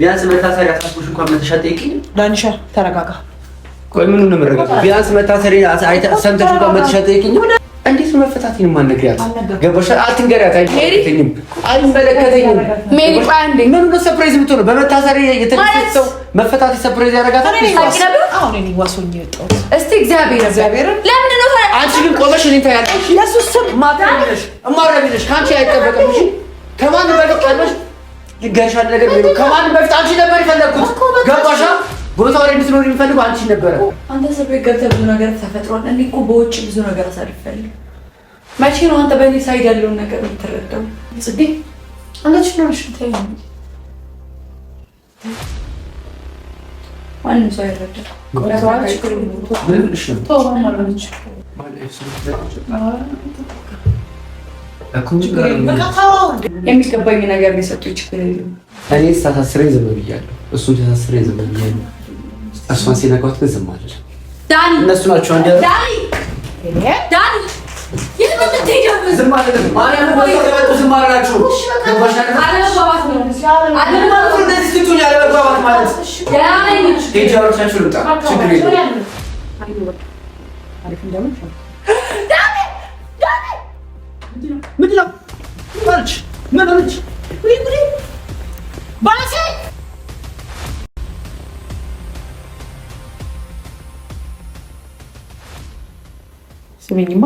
ቢያንስ መታሰሪያ አሳስቦሽ እንኳን መተሻ ጠይቂኝ። ዳንሻ ተረጋጋ። ቆይ ነው ቢያንስ መታሰሪያ ሰምተሽ እንኳን መተሻ ጠይቂኝ። እንዴት ነው መፈታቴን ገባሽ? አትንገሪያት። አይመለከተኝም፣ አይመለከተኝም። ሜሪ ቆይ አንዴ፣ ምኑ ነው ሰፕራይዝ የምትሆነው? በመታሰሪያ መፈታቴ ሰፕራይዝ ያደርጋታል? አንቺ ግን ቆመሽ እኔን ታያለሽ? ስም ማታ ነሽ፣ ከአንቺ አይጠበቅም። ከማን በፊት ቀሎች ልገርሻ ነገር ቢሮ ከማን በፊት አንቺ ነበር የፈለግኩት። ገባሻ? ቦታ ላይ እንድትኖር የሚፈልጉ አንቺ ነበረ። አንተ እስር ቤት ገብተህ ብዙ ነገር ተፈጥሯል። እኔ እኮ በውጭ ብዙ ነገር አሳልፌያለሁ። መቼ ነው አንተ በእኔ ሳይድ ያለውን ነገር የምትረዳው? ጽጌ አንቺ ነሽ ታይ ማንም ሰው አይረዳም። ቆራጥ ችግር ነው። የሚገባኝ ነገር የሰጡኝ ችግር የለም። እኔ ሳሳስረኝ ዝም ብያለሁ፣ እሱን ተሳስረኝ ዝም ብያለሁ። እሷን ሲነካት ግን ዝም አለ። እነሱ ናቸው አንድ ያለ ምንድነው? ባልሽ ምን ልጅ ስሚኝማ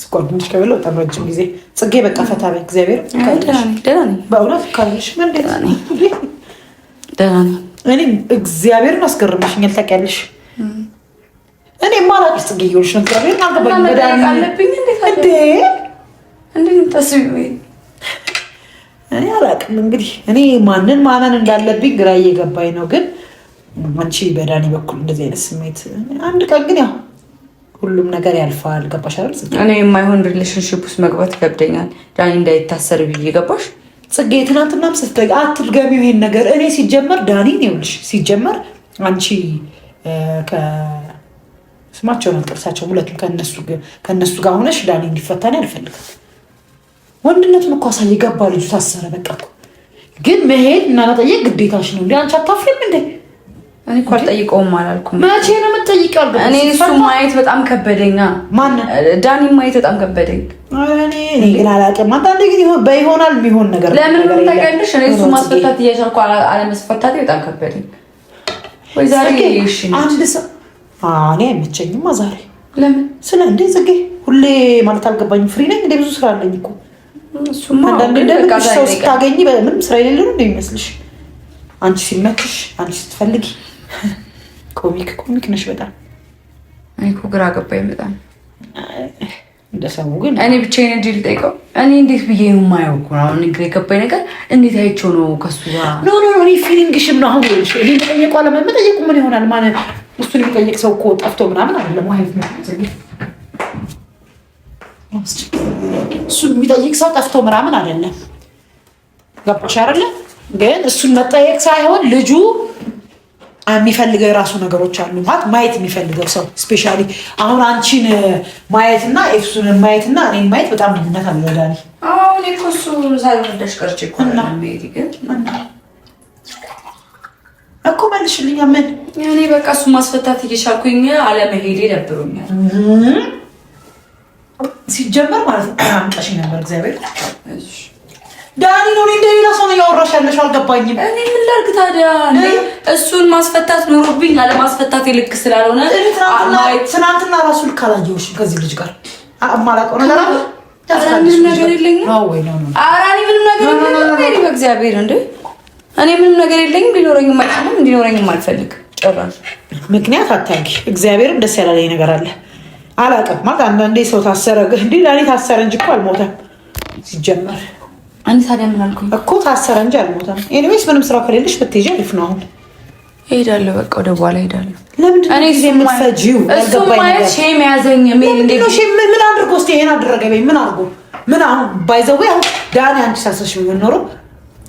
ስኳር ድንች ከበላሁ በጣም ረጅም ጊዜ ጽጌ፣ በቃ ፈታ በይ። እግዚአብሔር ደህና በእውነት ካልሽ እኔ እግዚአብሔርን አስገርምሽኛል ታውቂያለሽ። እኔ ጽጌ እየሆንሽ እንዴት የምታስቢው? እኔ አላውቅም። እንግዲህ እኔ ማንን ማመን እንዳለብኝ ግራ እየገባኝ ነው። ግን አንቺ በዳኒ በኩል እንደዚህ አይነት ስሜት አንድ ቀን ግን ያው ሁሉም ነገር ያልፋል። ገባሽ አይደል? እኔ የማይሆን ሪሌሽንሽፕ ውስጥ መግባት ይከብደኛል። ዳኒ እንዳይታሰር ብዬ ገባሽ? ጽጌ ትናንትናም ስትደግ አትድገሚው ይሄን ነገር። እኔ ሲጀመር ዳኒ ይኸውልሽ፣ ሲጀመር አንቺ ስማቸውን አልጠቅሳቸውም ሁለቱም ከነሱ ጋር ሆነሽ ዳኒ እንዲፈታን አልፈልግም። ወንድነቱን እኮ አሳየ። ገባ ልጁ ታሰረ። በቃ ግን መሄድ እና መጠየቅ ግዴታሽ ነው። እንዲ አንቺ አታፍሪም እንዴ? እኔ እኮ አልጠይቀውም አላልኩም። መቼ ነው የምትጠይቀው? እኔ እሱ ማየት በጣም ከበደኛ። ማነው ዳኒ ማየት በጣም ከበደኝ። እኔ ግን አላውቅም። አንዳንዴ ግን በይሆናል የሚሆን ነገር ለምን ተቀልሽ? እኔ እሱ ማስፈታት እያቻልኩ አለመስፈታት በጣም ከበደኝ። ወይ ዛሬ አንድ ሰው እኔ አይመቸኝማ ዛሬ። ለምን ስለ እንዴ ጽጌ ሁሌ ማለት አልገባኝም። ፍሪ ነኝ እንደ ብዙ ስራ አለኝ እኮ አንዳንዴ ደግሞ ሰው ስታገኝ ምንም ስራ የሌለ ነው እንደሚመስልሽ። አንቺ ሲመችሽ፣ አንቺ ስትፈልጊ። ኮሚክ ኮሚክ ነሽ በጣም እኔ እኮ ግራ ገባኝ በጣም እንደሰሙ ግን እኔ ብቻዬን እንጂ ልጠይቀው እኔ እንዴት ብዬ የማየው እኮ ነው። አሁን ግራ የገባኝ ነገር እንዴት አይቼው ነው ከሱ ጋር ኖ ኖ ኖ ፊሊንግሽም ነው አሁን ሽ እኔ መጠየቁ አለመጠየቁ ምን ይሆናል ማለት እሱን የሚጠይቅ ሰው እኮ ጠፍቶ ምናምን አይደለም እሱ የሚጠይቅ ሰው ጠፍቶ ምናምን አይደለም። ገባሽ አይደለ? ግን እሱን መጠየቅ ሳይሆን ልጁ የሚፈልገው የራሱ ነገሮች አሉ። ማለት ማየት የሚፈልገው ሰው ስፔሻሊ አሁን አንቺን ማየትና ኤፍሱን ማየትና እኔን ማየት በጣም ልዩነት አልወዳል። አሁን እኮ እሱ ሳልረዳሽ ቀርቼ እኮ እኮ መልሽልኛ። ምን እኔ በቃ እሱ ማስፈታት እየቻልኩኝ አለመሄዴ ደብሮኛል። ሲጀመር ማለት ነው አምጣሽ ነበር እግዚአብሔር ዳኒ ነው። እንደ ሌላ ሰው ነው ያወራሽ ያለሽ አልገባኝም። እኔ ምን ላድርግ ታዲያ? እሱን ማስፈታት ኖሮብኝ አለማስፈታት ይልክ ስላልሆነ ትናንትና ራሱ ልክ አላየሁሽም ከዚህ ልጅ ጋር አማላቀው ነገር አለ ምንም ነገር የለኝም። ኧረ እኔ ምንም ነገር የለኝም። በእግዚአብሔር እንደ እኔ ምንም ነገር የለኝም። ሊኖረኝም አይችልም እንዲኖረኝም አልፈልግም ጭራሽ። ምክንያት አታንኪ እግዚአብሔርም ደስ ያላለኝ ነገር አለ አላውቅም ማለት አንዳንዴ ሰው ታሰረ እንዲ እኔ ታሰረ እንጂ እኮ አልሞተም። ሲጀመር እኔ ታዲያ ምን አልኩኝ እኮ ታሰረ እንጂ አልሞተም። ኤኒዌይስ ምንም ስራ ከሌለሽ ብትሄጂ አሪፍ ነው። አሁን እሄዳለሁ፣ በቃ ወደ በኋላ እሄዳለሁ። ለምንድን ነው ጊዜ የምትፈጂው? ምን አድርጎ እስኪ ይሄን አደረገ በይ ምን አድርጎ ምን አሁን ባይዘዌ አሁን ዳኒ አንቺ ሳሰብሽ የሚሆን ኖሮ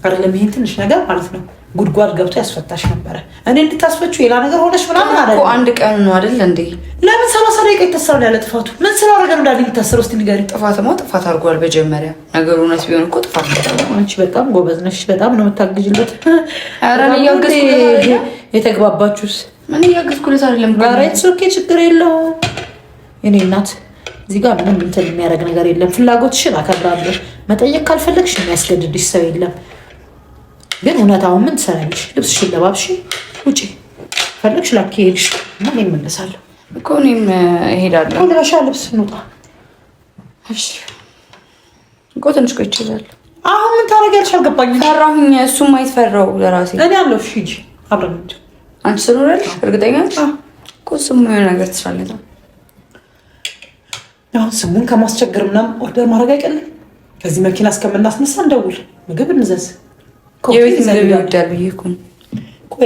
አይደለም ይሄን ትንሽ ነገር ማለት ነው ጉድጓድ ገብቶ ያስፈታሽ ነበረ። እኔ እንድታስፈችው ሌላ ነገር ሆነች ምናምን አለ። አንድ ቀን ነው አይደል እንዴ? ለምን ሰላሳ ደቂቃ ይታሰራል? ያለ ጥፋቱ ምን ስላደረገ ነው እንዳለ የሚታሰረው? እስኪ ንገሪኝ። ጥፋትማ ጥፋት አድርጓል። በጀመሪያ ነገሩ እውነት ቢሆን እኮ ጥፋት። አንቺ በጣም ጎበዝ ነሽ። በጣም ነው የምታግዥለት። ኧረ እኔ እያገዝኩለት። የተግባባችሁስ? ምን እያገዝኩለት አይደለም። ኦኬ፣ ችግር የለው እኔ እናት እዚህ ጋር ምንም እንትን የሚያደርግ ነገር የለም። ፍላጎትሽን አከብራለሁ። መጠየቅ ካልፈለግሽ የሚያስገድድሽ ሰው የለም። ግን እውነታውን ምን ትሰራለሽ? ልብስሽን ለባብሽ ውጪ ፈለግሽ ላኪ ሄድሽ እና እኔ እመለሳለሁ እኮ እኔም እሄዳለሁ። ለበሻ ልብስ እንውጣ እኮ ትንሽ ቆይ ይችላል። አሁን ምን ታደርጊያለሽ? አልገባኝም። ፈራሁኝ። እሱም አይትፈራው ለራሴ እኔ አለሁ። እሺ ሂጂ አብረን እንጂ አንቺ ስለሆነልሽ እርግጠኛ እኮ ስሙ የሆነ ነገር ትችላለህ። አሁን ስሙን ከማስቸገር ምናምን ኦርደር ማድረግ አይቀልም። ከዚህ መኪና እስከምናስነሳ እንደውል ምግብ እንዘዝ የቤት ምግብ ይወዳል ብዬ እኮ ነው።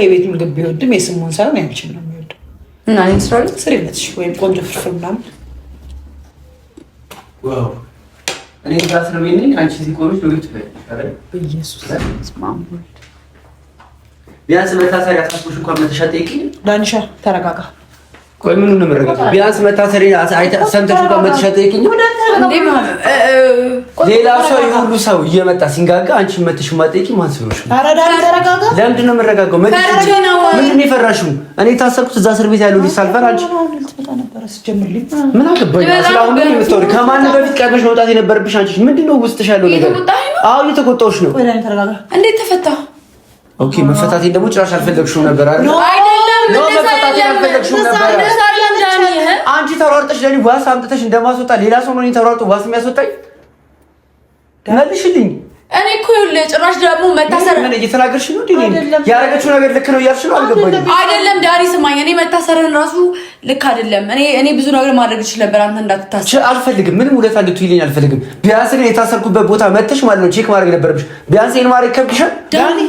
የቤት ምግብ ቢወድም የስሙን ሳይሆን ያንቺን ነው የሚወደው። እና ወይም ቆንጆ ፍርፍር ምናምን እኔ ጋር ስለሚነኝ አንቺ ሲቆኖች ቢያንስ መታሰሪያ አሳስቦሽ እንኳን መተሻ ዳንሻ ተረጋጋ። ቆይ ነው ቢያንስ መታሰሪያ ሰምተሽ እንኳን መተሻ ጠይቂኝ። ሌላ ሰው የሁሉ ሰው እየመጣ ሲንጋጋ አንቺ መትሽ ማጠቂ ማን ስለሆንሽ ነው? ለምንድን ነው የምረጋጋው? ምንድን ነው የፈራሽው? እኔ የታሰርኩት እዛ እስር ቤት ያለው ልጅ ሳልፈር አንቺ ምን አገባኝ? ስለአሁን ከማንም በፊት ቀድመሽ መውጣት የነበረብሽ አንቺ። ምንድን ነው ውስጥሽ ያለው ነገር? አሁን እየተቆጣሁሽ ነው። እንዴት ተፈታ ኦኬ መፈታቴ ደግሞ ጭራሽ አልፈለግሽው ነበር አይደል? አይደለም መፈታቴ አልፈለግሽው ነበር። አንቺ ተሯርጠሽ ለኔ ዋስ አምጥተሽ እንደማስወጣ ሌላ ሰው ነው ተሯርጦ ዋስ የሚያስወጣኝ? መልሽልኝ። እኔ እኮ ይኸውልህ ጭራሽ ደግሞ መታሰር ምን እየተናገርሽ ነው። ዲኒ ያደረገችው ነገር ልክ ነው እያልሽ ነው። አልገባኝም። አይደለም ዳኒ ስማኝ፣ እኔ መታሰርን ራሱ ልክ አይደለም። እኔ እኔ ብዙ ነገር ማድረግ እችል ነበር አንተ እንዳትታሰር አልፈልግም። ምንም ሁለት አንድቱ ይለኝ አልፈልግም። ቢያንስ የታሰርኩበት ቦታ መተሽ ማለት ነው ቼክ ማድረግ ነበረብሽ። ቢያንስ ይህን ማድረግ ከብድሻል ዳኒ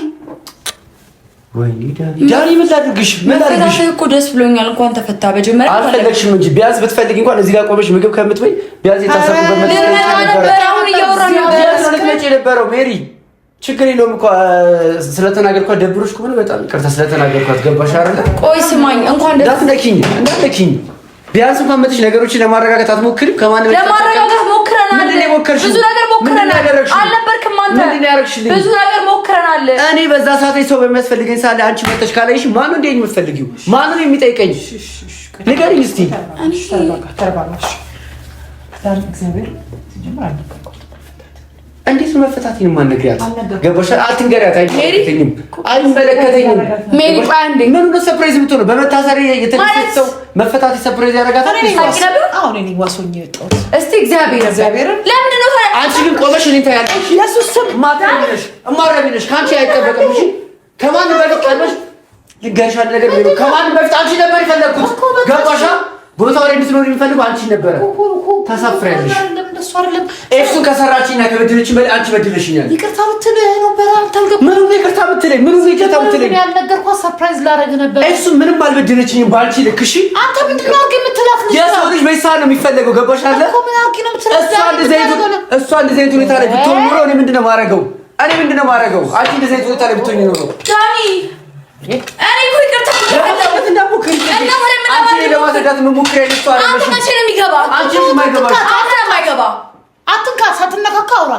ዳኒ ምን ላድርግሽ? ምን ላድርግሽ እኮ ደስ ብሎኛል። እንኳን ተፈታ። በጀመሪያ አልፈለግሽም እንጂ ቢያንስ ብትፈልጊ እንኳን እዚህ ጋር ቆመሽ ምግብ ከምትበይ ቢያንስ የታሰብኩበት መጥቼ ሜሪ ችግር የለውም እኮ ስለተናገርኳት፣ ደብሮሽ ከሆነ በጣም ይቅርታ ስለተናገርኳት። ገባሽ አይደለ? ቆይ ስማኝ፣ እንኳን እንዳትነኪኝ፣ እንዳትነኪኝ። ቢያንስ እንኳን ነገሮችን ለማረጋጋት አትሞክሪም? ከማንም ለማረጋጋት ሞክረናል። ብዙ ነገር ሞክረናል። አልነበርክም አንተ። ብዙ ነገር ሞክረናል። እኔ በዛ ሰዓት ሰው በሚያስፈልገኝ ሳለ አንቺ መጥተሽ ካለሽ ማን እንደ የምትፈልጊው ማን የሚጠይቀኝ? ንገሪኝ እስቲ እንዴት መፈታትን ማነግሪያት? ገባሽ? አትንገሪያት። አይመለከተኝም፣ አይመለከተኝም። ሜሪ ፓንድ ምን ነው ሰፕራይዝ ብትሆነ በመታሰሪ የተነሰተ መፈታት ሰፕራይዝ አሁን እኔ እስቲ እግዚአብሔር እግዚአብሔር። ነው አንቺ ግን ቆመሽ እኔን ታያለሽ? የሱ ስም ማታለሽ፣ ከማን ነገር ከማን ነበር የፈለግኩት። ገባሻ? ላይ አንቺ ነበረ። እንደሱ አይደለም። ኤፍሱን ከሰራችኝና ከበደለችኝ በል አንቺ በደለሽኛል። ይቅርታ ብትልህ ነበር አንተ አልገባህም። ነው ይቅርታ ብትልኝ? ምኑን ነው ይቅርታ ብትልኝ? ያልነገርኳት ሰርፕራይዝ ላደርግ ነበር። ኤፍሱን ምንም አልበደለችኝም ባንቺ ልክ። እሺ አንተ ምንድን ነው አድርጌ የምትላት? የሰው ልጅ በይሳን ነው የሚፈለገው። ገባሽ አይደለ? እሷ እንደዚህ አይነት ሁኔታ ላይ ብትሆን ኑሮ እኔ ምንድን ነው የማደርገው? እኔ ምንድን ነው የማደርገው? አንቺ እንደዚህ አይነት ሁኔታ ላይ ብትሆን ኑሮ አትንካ፣ ሳትነካካ አውራ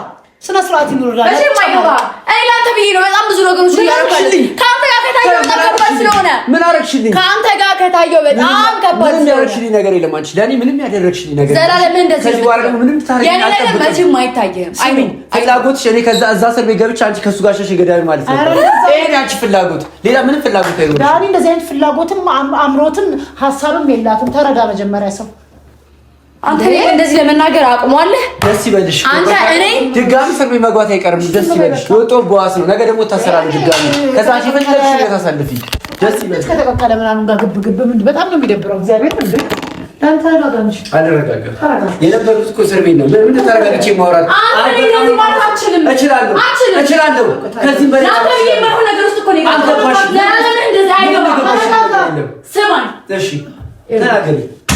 ስነ ስርዓት ይኖራል። እሺ ማይገባ እኔ ላንተ ብዬ ነው በጣም ብዙ ነገሮች እያደረኩልኝ። ከአንተ ጋር ከታየው በጣም ከባድ ስለሆነ ምን አደረግሽልኝ? ከአንተ ጋር ከታየው በጣም ከባድ ስለሆነ ያደረግሽልኝ ነገር የለም። አንቺ ለእኔ ምንም ያደረግሽልኝ ነገር ዘላለም እንደዚህ ከዚህ በኋላ ደግሞ ምንም ታሪክ ነገር መቼም አይታየም። አይሚን ፍላጎትሽ እኔ ከዛ እዛ እስር ቤት ገብቼ አንቺ ከሱ ጋር ሸሽ ገዳሚ ማለት ነው። ይሄን አንቺ ፍላጎት ሌላ ምንም ፍላጎት አይኖርም። ዳኒ እንደዚህ አይነት ፍላጎትም አምሮትም ሀሳብም የላትም። ተረዳ መጀመሪያ ሰው አንተ እንደዚህ ለመናገር አቁሟለህ። ደስ ይበልሽ። አንተ እኔ ድጋሚ እስር ቤት መግባት አይቀርም። ደስ ይበልሽ። ወጦ በዋስ ነው። ነገ ደግሞ ታሰራለህ ድጋሚ። ከዛ ምን ለብሽ ታሳልፊ። ደስ ይበልሽ። ከተቀቀለ ምናምን ጋር ግብ ግብ ምንድን በጣም ነው የሚደብረው። እግዚአብሔር እንዴ የነበሩት እኮ እስር ቤት ነው። ለምን ተረጋግቼ ማውራት እችላለሁ፣ ከዚህ በላይ ነገር ውስጥ ነው አይገባም።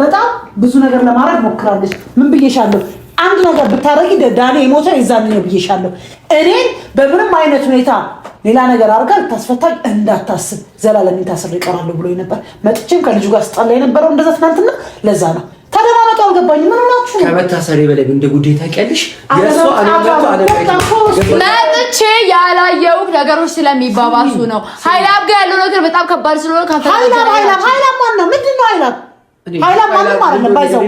በጣም ብዙ ነገር ለማድረግ ሞክራለች። ምን ብዬሻለሁ? አንድ ነገር ብታደረጊ ዳኔ የሞተ ይዛን ነው ብዬሻለሁ። እኔን በምንም አይነት ሁኔታ ሌላ ነገር አድርጋ ልታስፈታኝ እንዳታስብ ዘላለም ታስር ይቀራለሁ ብሎ ነበር። መጥቼም ከልጁ ጋር ስጣላ የነበረው እንደዛ ትናንትና። ለዛ ነው ተደማመጡ። አልገባኝ ምን ሆናችሁ? ከመታሰሪ በላይ እንደ ጉዳይ ታውቂያለሽ። መጥቼ ያላየው ነገሮች ስለሚባባሱ ነው። ሀይላብ ጋር ያለው ነገር በጣም ከባድ ስለሆነ ሀይላብ ሀይላብ ሀይላብ ማን ነው? ምንድን ነው ሀይላብ ኃይላ ማንም አይደለም ባይዘው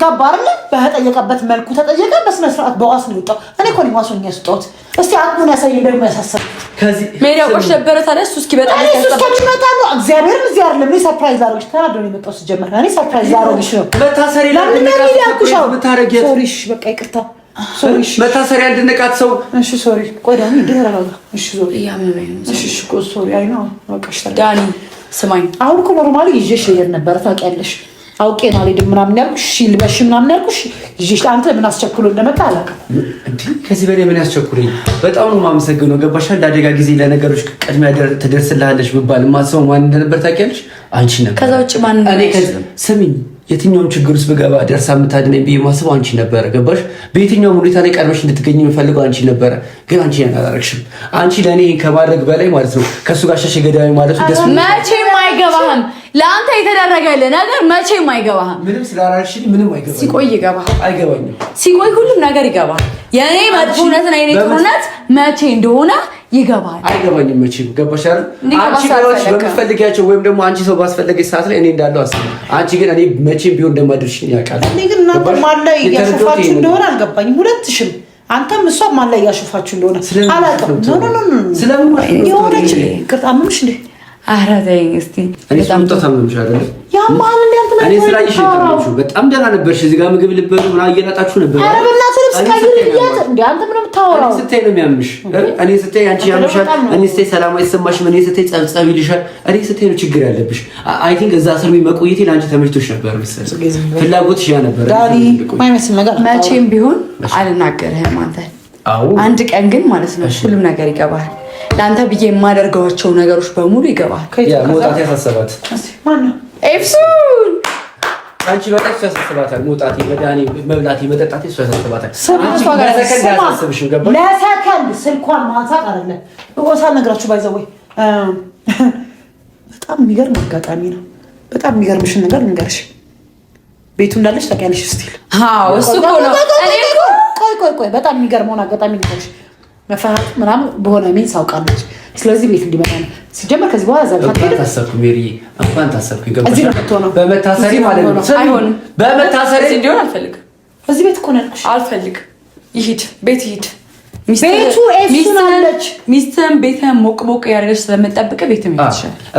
ገባ አይደለ በተጠየቀበት መልኩ ተጠየቀ። በስነ ስርዓት በዋስ ነው የወጣው። እኔ እኮ ነኝ ዋሱን ያስወጣሁት። እስቲ አቅሙን ያሳየኝ። ደግሞ ያሳሰብኩት ሜዳ ቆሽ ነበረ ታዲያ እሱ እስኪ በጣም እሱ እስኪመጣ ነው። እግዚአብሔርን እዚህ አይደለም እኔ ሰርፕራይዝ አደረግሽ ተናዶ ነው የመጣው። ሲጀመር እኔ ሰርፕራይዝ አደረግሽ ነው መታሰሪ ላ ምታረጊ ሶሪሽ በቃ ይቅርታ መታሰሪያ እንድነቃት ሰው እሺ፣ ሶሪ ቆዳሚ ደራራጋ እሺ፣ ሶሪ እያመመኝ እሺ፣ እሺ፣ ሶሪ። አይ ነው በቃሽ። ዳኒ ስማኝ፣ አሁን እኮ ኖርማሊ ይዤሽ ልሄድ ነበረ ታውቂያለሽ። አውቄ ነው አልሄድም ምናምን ያልኩሽ እሺ ልበሽ ምናምን ያልኩሽ ይዤሽ፣ አንተ ምን አስቸኩሎ እንደመጣ አላውቅም። ከዚህ በላይ ምን ያስቸኩለኝ? በጣም ነው የማመሰግነው። ገባሽ? እንደ ጊዜ ለነገሮች ቀድሚያ ትደርስልሃለች ብባል ማሰው ማን እንደነበር ታውቂያለሽ አንቺ ነበር። ከዛ ውጭ ማን ስሚኝ የትኛውም ችግር ውስጥ ብገባ ደርሳ የምታድነኝ ብዬ ማሰብ አንቺ ነበረ። ገባሽ? በየትኛውም ሁኔታ ላይ ቀርበሽ እንድትገኝ የምፈልገው አንቺ ነበረ፣ ግን አንቺ አላረግሽም። አንቺ ለእኔ ከማድረግ በላይ ማለት ነው ከእሱ ጋር ሸሽ ገዳዊ ማለት ደስ መቼም አይገባህም። ለአንተ የተደረገልህ ነገር መቼም አይገባህም። ምንም ስላራሽ ምንም አይገባህም። ሲቆይ ይገባሃል። አይገባኝም። ሲቆይ ሁሉም ነገር ይገባል። የእኔ መጥፎነትና የእኔ ጥሩነት መቼ እንደሆነ ይገባል። አይገባኝም። መቼም ገባሽ አይደል? አንቺ ሰዎች በምትፈልጊያቸው ወይም ደግሞ አንቺ ሰው ባስፈለገች ሰዓት ላይ እኔ እንዳለው አስብ። አንቺ ግን እኔ መቼም ቢሆን እንደማደርሽኝ ያውቃል። እኔ ግን እናንተ ማን ላይ እያሾፋችሁ እንደሆነ አልገባኝም። ሁለትሽም አንተም እሷ ማን ላይ እያሾፋችሁ እንደሆነ አላውቅም። ስለምን ማለት ቅርጣምምሽ እንዴ ኧረ ተይኝ በጣም ደህና ነበርሽ። እዚህ ጋር ምግብ ልበሉ ምናምን እየላጣችሁ ነበር። ነው የሚያምሽ። እኔ አንቺ ያምሻል። እኔ ሰላም አይሰማሽም። እኔ ጸብጸብ ይልሻል። እኔ ነው ችግር ያለብሽ። አይ ቲንክ እዛ እስር ቤት መቆየቴ ለአንቺ ተመችቶሽ ነበር መሰለኝ። ፍላጎትሽ ያ ነበር። መቼም ቢሆን አልናገርህም አንተ። አንድ ቀን ግን ማለት ነው ሁሉም ነገር ይገባል። ለአንተ ብዬ የማደርገዋቸው ነገሮች በሙሉ ይገባል። መውጣት ያሳሰባት ኤፍሱን አንቺ በጣም እሱ ያሳስባታል። መውጣቴ፣ መብላቴ፣ መጠጣቴ እሱ ያሳስባታል። ለሰከንድ ስልኳን ማንሳት አለ በጣም የሚገርም አጋጣሚ ነው። በጣም የሚገርምሽን ነገር ቤቱ ታውቂያለሽ ስቲል። እሱ ነው። ቆይ ቆይ ቆይ፣ በጣም የሚገርመውን አጋጣሚ መፈራት ምናምን በሆነ ሚን ሳውቃለች። ስለዚህ ቤት እንዲመጣ ነው ሲጀመር። ከዚህ በኋላ ቤት ሞቅ ሞቅ ያደረገች ስለምጠብቅ ቤት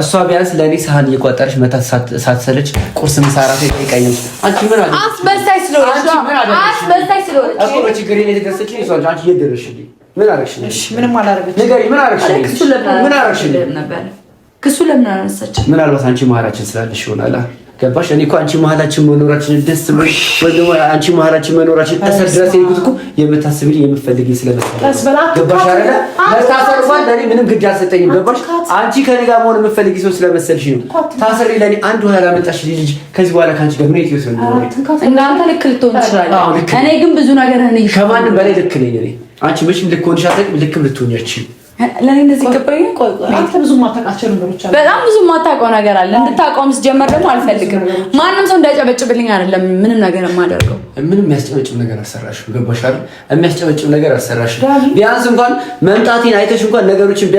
እሷ ቢያንስ ለእኔ ሳህን እየቋጠረች ሳትሰለች ቁርስ አስመሳይ ምን አረግሽኝ? ምንም አላረግሽኝ። ንገሪኝ፣ ምን አረግሽኝ? ክሱ ለምን አላነሳችም? ምናልባት አንቺ መሀላችን ስላለሽ ይሆናል። ገባሽ? እኔ እኮ አንቺ መሀላችን መኖራችን ደስ ብሎ አንቺ መሀላችን መኖራችን እሰር ድረስ የሄድኩት እኮ የምታስብልኝ የምፈልግኝ ስለመሰለኝ ገባሽ አይደለ? መታሰር እንኳን ምንም ግድ አልሰጠኝም። ገባሽ? አንቺ ከኔ ጋር መሆን የምፈልግ ሰው ስለመሰልሽ ነው። ታስሬ ለእኔ አንድ ሆና ላመጣሽ ልጅ ከዚህ በኋላ ከአንቺ ጋር ምን የትዮ እናንተ ልክ ልትሆን ትችላለህ። እኔ ግን ብዙ ነገር ከማንም በላይ ልክ ነኝ እኔ። አንቺ መቼም ልክ ሆንሽ አትልም፣ ልክም ልትሆኛችል ለእኔ እንደዚህ በጣም ብዙ የማታውቀው ነገር አለ። እንድታውቀውም ስጀመር ደግሞ አልፈልግም። ማንም ሰው እንዳይጨበጭብልኝ አይደለም ምንም ነገር የማደርገው። ምንም የሚያስጨበጭብ ነገር አልሰራሽም። ገባሽ የሚያስጨበጭብ ነገር ቢያንስ እንኳን መምጣቴን አይተሽ እንኳን ነገሮችን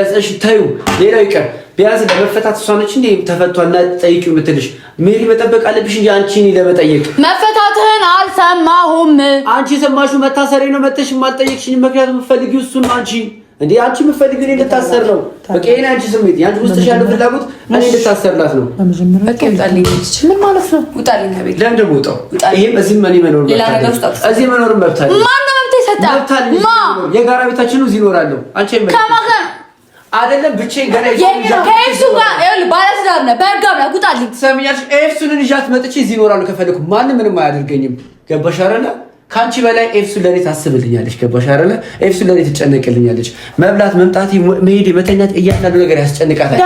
ተዩ፣ ሌላው ይቀር። ቢያንስ ለመፈታት እሷ ነች ጠይቂው የምትልሽ ሜሪ መጠበቅ አለብሽ እንጂ ለመጠየቅ መፈታትህን አልሰማሁም። አንቺ የሰማሽው ነው። መተሽ የማልጠየቅሽኝ የምትፈልጊው እሱን አንቺ እንዴ አንቺ የምትፈልጊው እኔ እንድታሰር ነው። በቃ ይሄን አንቺ ስሜት ያንቺ ውስጥ ያለው ፍላጎት እኔ እንድታሰርላት ነው። በቃ ይውጣልኝ። ምን ማለት ነው? ውጣልኝ ከቤት ለምን ደግሞ ውጣው? ይሄም እዚህ መኖር መብት አለኝ። የጋራ ቤታችን ነው እዚህ እኖራለሁ። አንቺ አይደለም ብቻዬን ገና ከኤፍሱ ጋር ባለትዳር ነህ፣ በህግ አምላክ ውጣልኝ። ትሰሚኛለሽ? ኤፍሱን ይዣት መጥቼ እዚህ እኖራለሁ ከፈለኩ ማንም ምንም አያደርገኝም። ገባሽ አይደለ? ከአንቺ በላይ ኤፍሱ ለኔ ታስብልኛለች። ገባሽ አይደለ? ኤፍሱ ለኔ ትጨነቅልኛለች። መብላት፣ መምጣት፣ መሄድ፣ መተኛት እያንዳንዱ ነገር ያስጨንቃታል።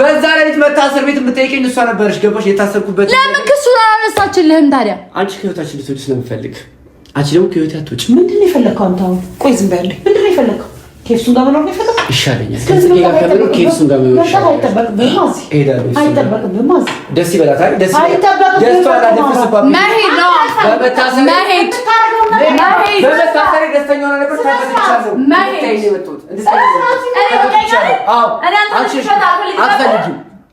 በዛ ሌሊት መታ እስር ቤት የምትጠይቀኝ እሷ ነበረች። ገባሽ? የታሰርኩበት ለምን ክሱን አላነሳችልህም ታዲያ? አንቺ ከህይወታችን ልትወጪ ስለምፈልግ አንቺ ደግሞ ከህይወት ያትወጭ። ምንድን ነው የፈለግከው አንተ? አሁን ቆይ ዝም በያለኝ። ምንድን ነው የፈለግከው? ኬፍሱን ጋር መኖር ይሻለኛል። ከጽጌ ጋር ከመኖር ኬፍሱን ጋር መኖር ይሻለኛል። አይጠበቅብህም። ደስ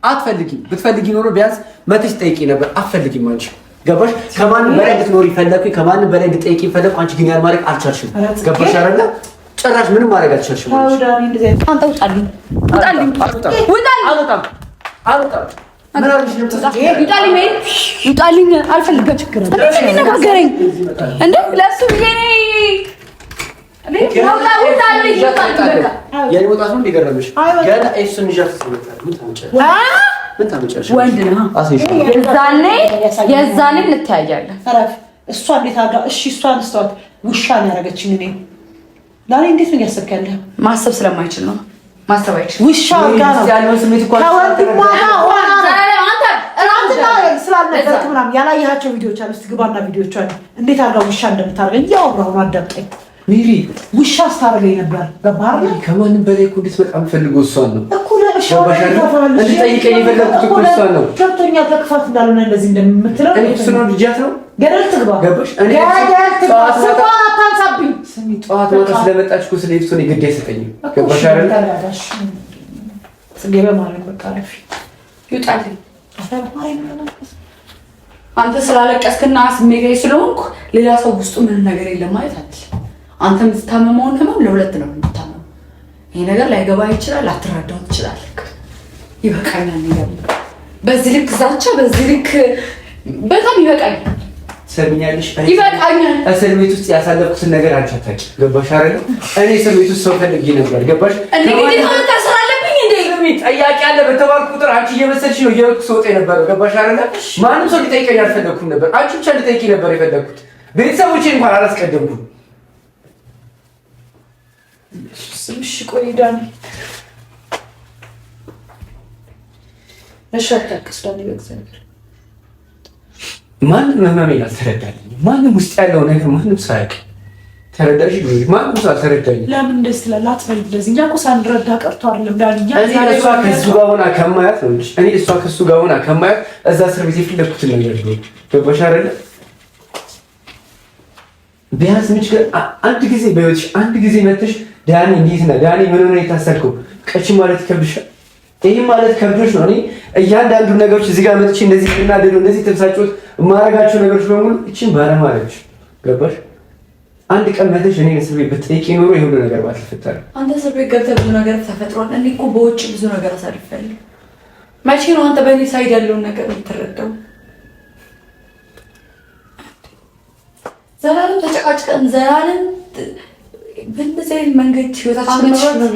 አትፈልጊም። ብትፈልጊ ኖሮ ቢያንስ መተሽ ጠይቂ ነበር። አትፈልጊም አንቺ ገባሽ? ከማንም በላይ እንድትኖሪ ፈለግኩኝ፣ ከማንም በላይ እንድትጠይቂ ፈለግኩ። አንቺ ግን ያን ማድረግ አልቻልሽም። ገባሽ አይደለ? ጭራሽ ምንም ማድረግ አልቻልሽም። አንተ ውጣልኝ፣ ውጣልኝ፣ ውጣልኝ፣ አልፈልግም። ችግር ንገረኝ እንደ ለሱ የዛኔ እንተያያለን። እሷ እንዴት እሺ፣ እሷን ስተዋት ውሻን ያደረገችኝ እኔ ዛሬ እንዴት ነው እያሰብክ ማሰብ ስለማይችል ነው። ማሰብ አይችልም። ውሻ ያለው ስሜት እኮ ምናምን ያላየሃቸው አሉ። እስኪ ግባና ቪዲዮች አሉ። እንዴት አድርጋ ውሻ እንደምታደርገኝ እያወራሁ ነው። አዳምጠኝ ውሻ ስታደርገኝ ነበር። ገባህ? ከማንም በላይ እኮ እንዴት በጣም ፈልጎ እሷን ነው እኮ እንድጠይቀኝ የፈለኩት እንዳልሆነ እንደዚህ እንደምትለው ነው። ነው ገደል ትግባ። ገባሽ? አታንሳብኝ ጠዋት ማታ ስለመጣች እኮ ስለ ኤፍሶን ግድ አይሰጠኝም። ገባሽ ጽጌ በማለት በቃ ረፊ ይውጣልኝ። አንተ ስላለቀስክና ስሜታዊ ስለሆንኩ ሌላ ሰው ውስጡ ምንም ነገር የለም ማለት አትችልም። አንተ የምትታመመውን ህመም ለሁለት ነው የምትታመመው። ይሄ ነገር ላይገባ ይችላል፣ ላትረዳው ትችላለህ። ይበቃኛል። በዚህ ልክ ዛቻ፣ በዚህ ልክ በጣም ይበቃኛል። ሰሚኛለሽ ይበቃኛል። እስር ቤት ውስጥ ያሳለፍኩትን ነገር አንቺ አታውቂም። ገባሽ አይደል? እኔ እስር ቤት ውስጥ ሰው ፈልጌ ነበር። ገባሽ? ጠያቂ አለ በተባልኩ ቁጥር አንቺ እየመሰልሽ ነው እየሮጥኩ ስወጣ የነበረው። ገባሽ አይደል? ማንም ሰው ሊጠይቀኝ አልፈለግኩም ነበር። አንቺ ብቻ ልጠይቂ ነበር የፈለግኩት። ቤተሰቦቼ እንኳን አላስቀደምኩም። እሺ ቆይ ዳኒ፣ እሺ አታክስ ዳኒ በእግዚአብሔር ማንም መመሜን አልተረዳልኝ። ማንም ውስጥ ያለው ነገር ማንም ሳያውቅ ተረዳሽ? ማንም ሰው አልተረዳኝም። ለምን እንደዚህ ትላለህ? አትበል እንደዚህ። እኛ እኮ ሳንረዳ ቀርቶ አይደለም ዳንኛ። እኔ እሷ ከሱ ጋር ሆና ከማያት ነው እንጂ እኔ እሷ ከሱ ጋር ሆና ከማያት እዛ እስር ቤት የፈለኩትን ነገር ነው። ገባሽ አይደለ? ቢያንስ ምንጭ አንድ ጊዜ በሕይወትሽ አንድ ጊዜ መጥተሽ ዳኒ እንዴት ነህ ዳኒ ምን ሆነ የታሰርከው ቀቺ ማለት ይከብድሻል። ይህም ማለት ከብዶች ነው። እኔ እያንዳንዱ ነገሮች እዚህ ጋር መጥቼ እንደዚህ ልናደዱ እንደዚህ ተብሳጭት ማረጋቸው ነገሮች በሙሉ እችን ባለማለች ገባሽ። አንድ ቀን መተሽ እኔ እስር ቤት ብትጠይቂ ኖሮ ይሄ ሁሉ ነገር ባትፈጠር። አንተ እስር ቤት ገብተህ ብዙ ነገር ተፈጥሯል። እኔ እኮ በውጭ ብዙ ነገር አሳልፌያለሁ። መቼ ነው አንተ በእኔ ሳይድ ያለውን ነገር የምትረዳው? ዘላለም ተጨቃጭቀን ዘላለም በእንደዚህ አይነት መንገድ ህይወታችን ነው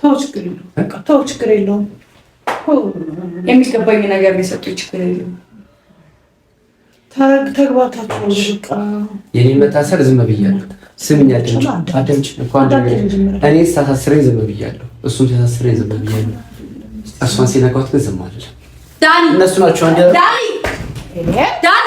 ተው፣ ችግር የለውም። ተው፣ ችግር የለውም። የሚገባኝ ነገር የሰጡኝ ችግር የለውም። ተግባታችሁ በቃ መታሰር ዝም ብያለሁ። ስምኛችሁ አድምጪ፣ አድምጪ እንኳን እኔ ሳሳስረኝ ዝም ብያለሁ። እሱም ሲያሳስረኝ ዝም ብያለሁ። እሷን ሲነካት ግን ዝም አለ። ዳኒ እነሱ ናቸው። ዳኒ ዳኒ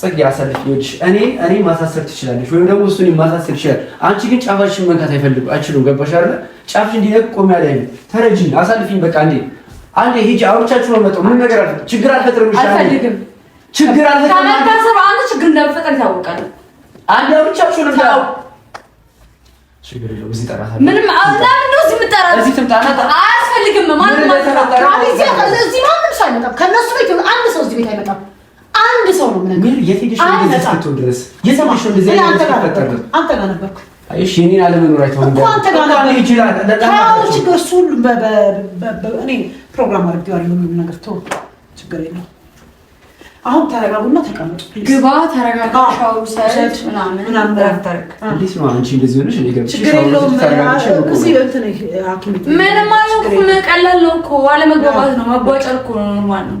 ጽጌ አሳልፍ ይወድሽ እኔ እኔ ማሳሰር ትችላለች ወይም ደግሞ እሱን ማሳሰር ይችላል። አንቺ ግን ጫፋሽን መንካት አይፈልጉ አይችሉም። ገባሽ አይደለ? ጫፍሽ እንዲነቅ ቆም ያለ አሳልፊኝ። በቃ እንዴ አንዴ ሂጂ። አውርቻችሁ ነው መጠው ምን ነገር አለ ችግር አልፈጥርም። አልፈልግም። ችግር አልፈጥርም። አንተ ችግር እንደምፈጥር ይታወቃል። አንዴ አውርቻችሁ ነው ታው ችግር የለውም። እዚህ ጠራት ምንም ነው እዚህ እዚህ አንድ ሰው እዚህ ቤት አይመጣም። አንድ ሰው ነው ምንም የት ሄደሽ ነው እንደዚህ ድረስ የሰማሽ ነው እንደዚህ አንተ ጋር አንተ ጋር ነበርኩ። አይሽ የኔን አለመኖር አይተው እንዴ አንተ ጋር ነው ይችላል። ታው ችግር እሱ ሁሉ እኔ ፕሮግራም አድርጌዋለሁ። ምንም ነገር ተው፣ ችግር የለውም። አሁን ተረጋጉና ተቀመጡ። ግባ ተረጋጋ። ሻው ሰት ምናምን ምናምን ተረጋጋ። እንዴት ነው አንቺ እንደዚህ ሆነሽ? እኔ ገብቼ ችግር የለውም። እዚህ እንትን ሐኪም ምንም አልኩ። ቀላል ነው እኮ አለመግባባት ነው። መቧጨር እኮ ነው ማለት ነው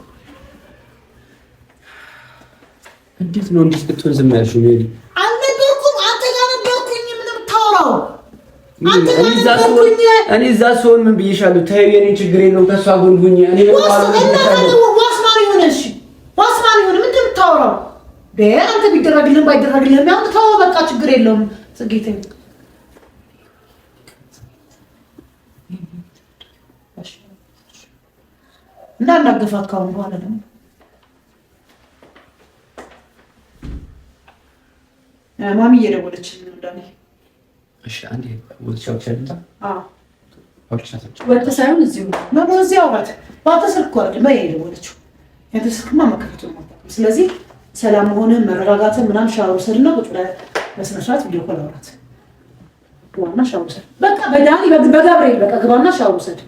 እንዴት ነው እንዲህ ስትሆን ዝም ያልሽ? ሜሪ አልነበርኩም። አንተ ጋር ነበርኩኝ። ምን የምታወራው? እኔ እዛ ስሆን ምን ብዬሻለሁ? ተይው፣ የኔ ችግር የለውም ከእሷ ጎን ሁኚ። እኔ ዋስ ማር የሆነ እሺ፣ ዋስ ማር የሆነ ምንድን ነው የምታወራው? አንተ ቢደረግልህም ባይደረግልህም ያው ተወው፣ በቃ ችግር የለውም ጽጌት እንዳናገፋት ካሁን በኋላ ደግሞ ማሚ እየደወለች ወጥተህ ሳይሆን እዚሁ ነው። እዚህ አውራት በአንተ ስልክ አይደለም የደወለችው። ያንተ ስልክማ ስለዚህ ሰላም ሆነ መረጋጋትን ምናምን ሻወር ውሰድና ቁጭ ብለህ በስነ ስርዓት ቪዲዮ ኮል አውራት። ዋና ሻወር ውሰድ በቃ በዳኒ በገብርኤል በቃ ግባና ሻወር ውሰድ።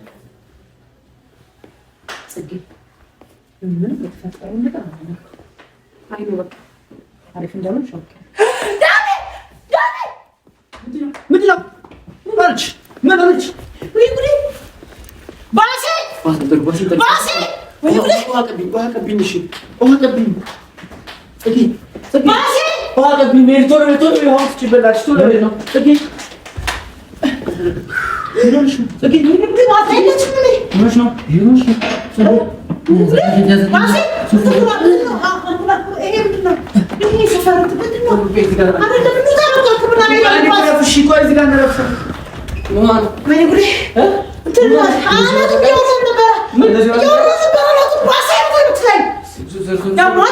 ምንም የተፈጠረው ነገር አይ ነው በቃ አሪፍ እንደሆነ ሻወር ነው አንድ ጥረፍ እሺ፣ ቆይ እዚህ ጋር እንረፍ። ማን ምን ጉዴ! እንትን አናቱ ቢሆን ነበረ የወረሱ በሆነቱ ባሳይ ሆኑት ላይ ዳማን